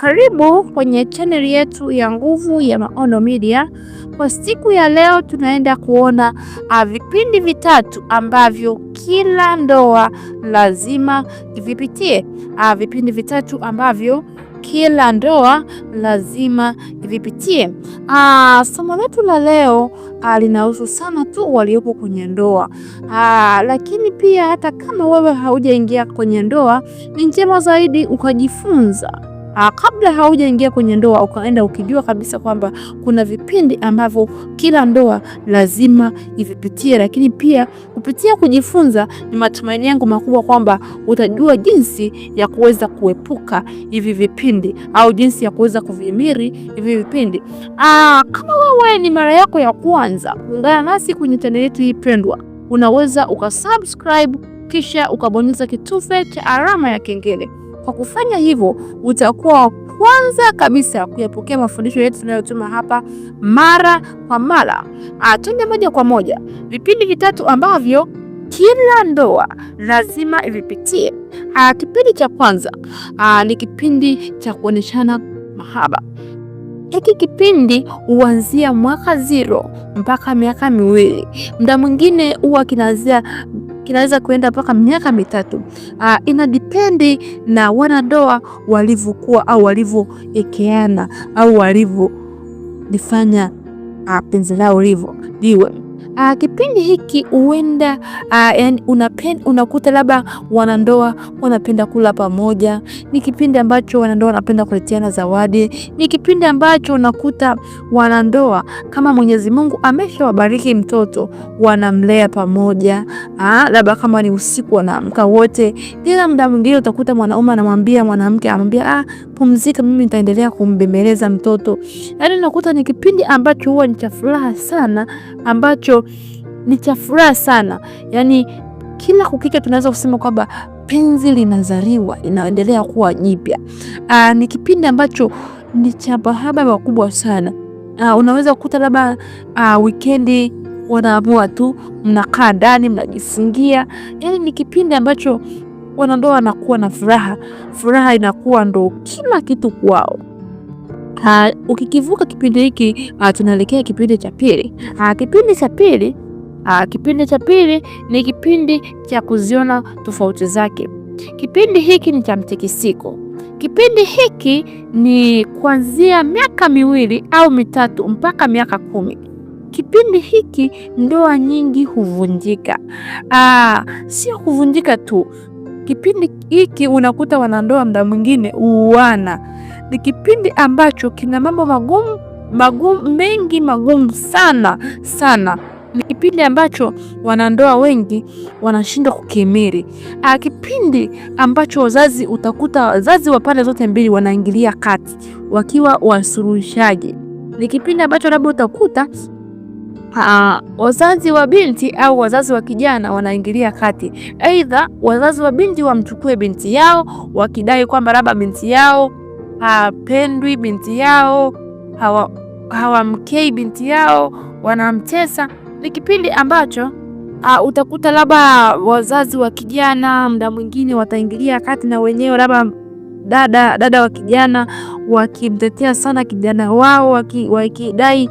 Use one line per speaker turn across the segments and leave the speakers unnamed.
Karibu kwenye chaneli yetu ya Nguvu ya Maono Media. Kwa siku ya leo, tunaenda kuona ah, vipindi vitatu ambavyo kila ndoa lazima ivipitie, ah, vipindi vitatu ambavyo kila ndoa lazima ivipitie. Ah, somo letu la leo linahusu sana tu waliopo kwenye ndoa aa, lakini pia hata kama wewe haujaingia kwenye ndoa, ni njema zaidi ukajifunza Aa, ah, kabla haujaingia kwenye ndoa ukaenda ukijua kabisa kwamba kuna vipindi ambavyo kila ndoa lazima ivipitie, lakini pia kupitia kujifunza, ni matumaini yangu makubwa kwamba utajua jinsi ya kuweza kuepuka hivi vipindi au jinsi ya kuweza kuvimiri hivi vipindi. Aa, ah, kama wewe ni mara yako ya kwanza kuungana nasi kwenye chaneli yetu hii pendwa, unaweza ukasubscribe kisha ukabonyeza kitufe cha alama ya kengele kwa kufanya hivyo, utakuwa wa kwanza kabisa kuyapokea mafundisho yetu tunayotuma hapa mara kwa mara. Ah, twende moja kwa moja vipindi vitatu ambavyo kila ndoa lazima ivipitie. Ah, kipindi cha kwanza ah, ni kipindi cha kuoneshana mahaba. Hiki kipindi huanzia mwaka zero mpaka miaka miwili, muda mwingine huwa kinaanzia kinaweza kuenda mpaka miaka mitatu. Uh, ina dipendi na wanadoa walivyokuwa au walivyoekeana au walivyolifanya uh, penzi lao livo liwe Uh, kipindi hiki huenda uh, yani unakuta labda wanandoa wanapenda kula pamoja, ni kipindi ambacho wanandoa wanapenda kuletiana zawadi, ni kipindi ambacho unakuta wanandoa kama Mwenyezi Mungu ameshawabariki mtoto wanamlea pamoja, uh, labda kama ni usiku wanaamka wote, ila muda mwingine utakuta mwanaume anamwambia mwanamke anamwambia, ah, pumzika, mimi nitaendelea kumbembeleza mtoto. Yani unakuta ni kipindi ambacho huwa ni cha furaha sana ambacho ni cha furaha sana. Yaani kila kukika tunaweza kusema kwamba penzi linazaliwa, inaendelea kuwa jipya. Ah, ni kipindi ambacho ni cha mahaba makubwa sana. Aa, ah, unaweza kukuta labda ah, wikendi wanaamua tu mnakaa ndani mnajisingia. Yaani ni kipindi ambacho wanandoa wanakuwa na furaha, furaha inakuwa ndo kila kitu kwao. Uh, ukikivuka kipindi hiki uh, tunaelekea kipindi cha pili. Uh, kipindi cha pili uh, kipindi cha pili ni kipindi cha kuziona tofauti zake. Kipindi hiki ni cha mtikisiko. Kipindi hiki ni kuanzia miaka miwili au mitatu mpaka miaka kumi. Kipindi hiki ndoa nyingi huvunjika. Ah, sio kuvunjika tu, kipindi hiki unakuta wanandoa muda mwingine uana ni kipindi ambacho kina mambo magumu magumu mengi magumu sana sana. Ni kipindi ambacho wanandoa wengi wanashindwa kukimiri, ah, kipindi ambacho wazazi, utakuta wazazi wa pande zote mbili wanaingilia kati wakiwa wasuluhishaji. Ni kipindi ambacho labda utakuta Aa, ah, wazazi wa binti au wazazi wa kijana wanaingilia kati. Aidha, wazazi wa binti wamchukue binti yao wakidai kwamba labda binti yao hapendwi binti yao, hawamkei hawa binti yao, wanamtesa. Ni kipindi ambacho Uh, utakuta labda wazazi wa kijana muda mwingine wataingilia kati na wenyewe, labda dada dada wa kijana wakimtetea sana kijana wao, wakidai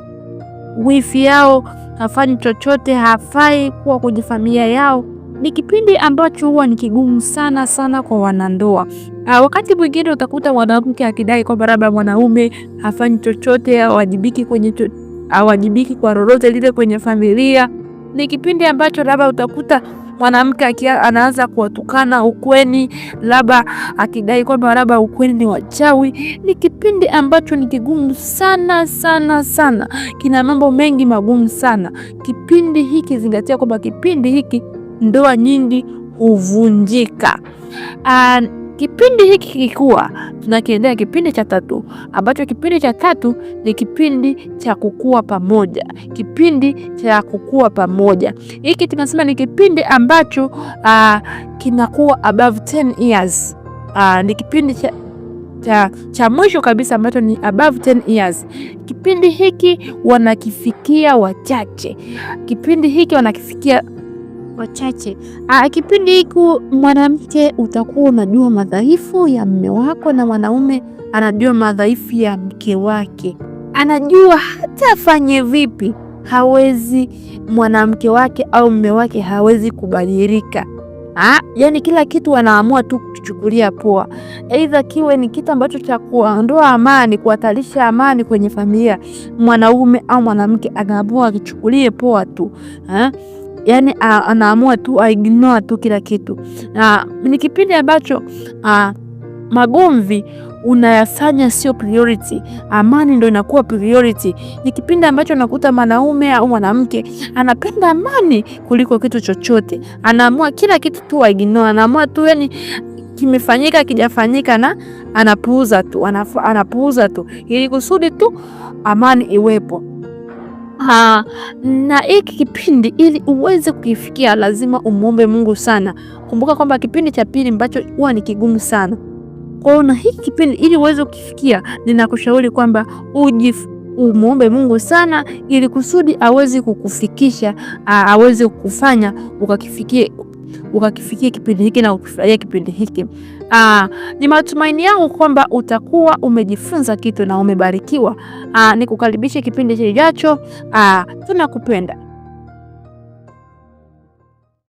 wifi yao hafanyi chochote, hafai kuwa kwenye familia yao ni kipindi ambacho huwa ni kigumu sana sana kwa wanandoa. Aa, ah, wakati mwingine utakuta mwanamke akidai kwamba labda mwanaume hafanyi chochote, awajibiki kwenye cho, awajibiki kwa lolote lile kwenye familia. Ni kipindi ambacho labda utakuta mwanamke anaanza kuwatukana ukweni, labda akidai kwamba labda ukweni ni wachawi. Ni kipindi ambacho ni kigumu sana sana sana, kina mambo mengi magumu sana kipindi hiki. Zingatia kwamba kipindi hiki ndoa nyingi huvunjika. Ah, kipindi hiki kikikuwa, tunakiendea kipindi cha tatu, ambacho kipindi cha tatu ni kipindi cha kukua pamoja. Kipindi cha kukua pamoja hiki tunasema ni kipindi ambacho uh, ah, kinakuwa above 10 years. uh, ni kipindi cha cha, cha mwisho kabisa ambacho ni above 10 years. Kipindi hiki wanakifikia wachache, kipindi hiki wanakifikia wachache. Ah, kipindi hiki mwanamke, utakuwa unajua madhaifu ya mme wako, na mwanaume anajua madhaifu ya mke wake, anajua hata afanye vipi hawezi mwanamke wake au mme wake hawezi kubadilika. Ah, yani kila kitu wanaamua tu kuchukulia poa, aidha kiwe ni kitu ambacho cha kuondoa amani, kuhatarisha amani kwenye familia, mwanaume au mwanamke anaamua akichukulie poa tu ha? Ah, yani anaamua tu aignore tu kila kitu. Na ni kipindi ambacho magomvi unayafanya sio priority, amani ndo inakuwa priority. Ni kipindi ambacho nakuta mwanaume au mwanamke anapenda amani kuliko kitu chochote, anaamua kila kitu tu aignore, anaamua tu yani kimefanyika kijafanyika, na anapuuza tu, anapuuza tu ili kusudi tu amani iwepo. Ha, na hiki kipindi ili uweze kukifikia lazima umwombe Mungu sana. Kumbuka kwamba kipindi cha pili ambacho huwa ni kigumu sana. Kwa hiyo na hiki kipindi ili uweze kukifikia, ninakushauri kwamba uji umwombe Mungu sana ili kusudi aweze kukufikisha, aweze kukufanya ukakifikie ukakifikia kipindi hiki na ukifurahia kipindi hiki. Ah, ni matumaini yangu kwamba utakuwa umejifunza kitu na umebarikiwa. Ah, nikukaribishe kipindi kijacho. Ah, tunakupenda.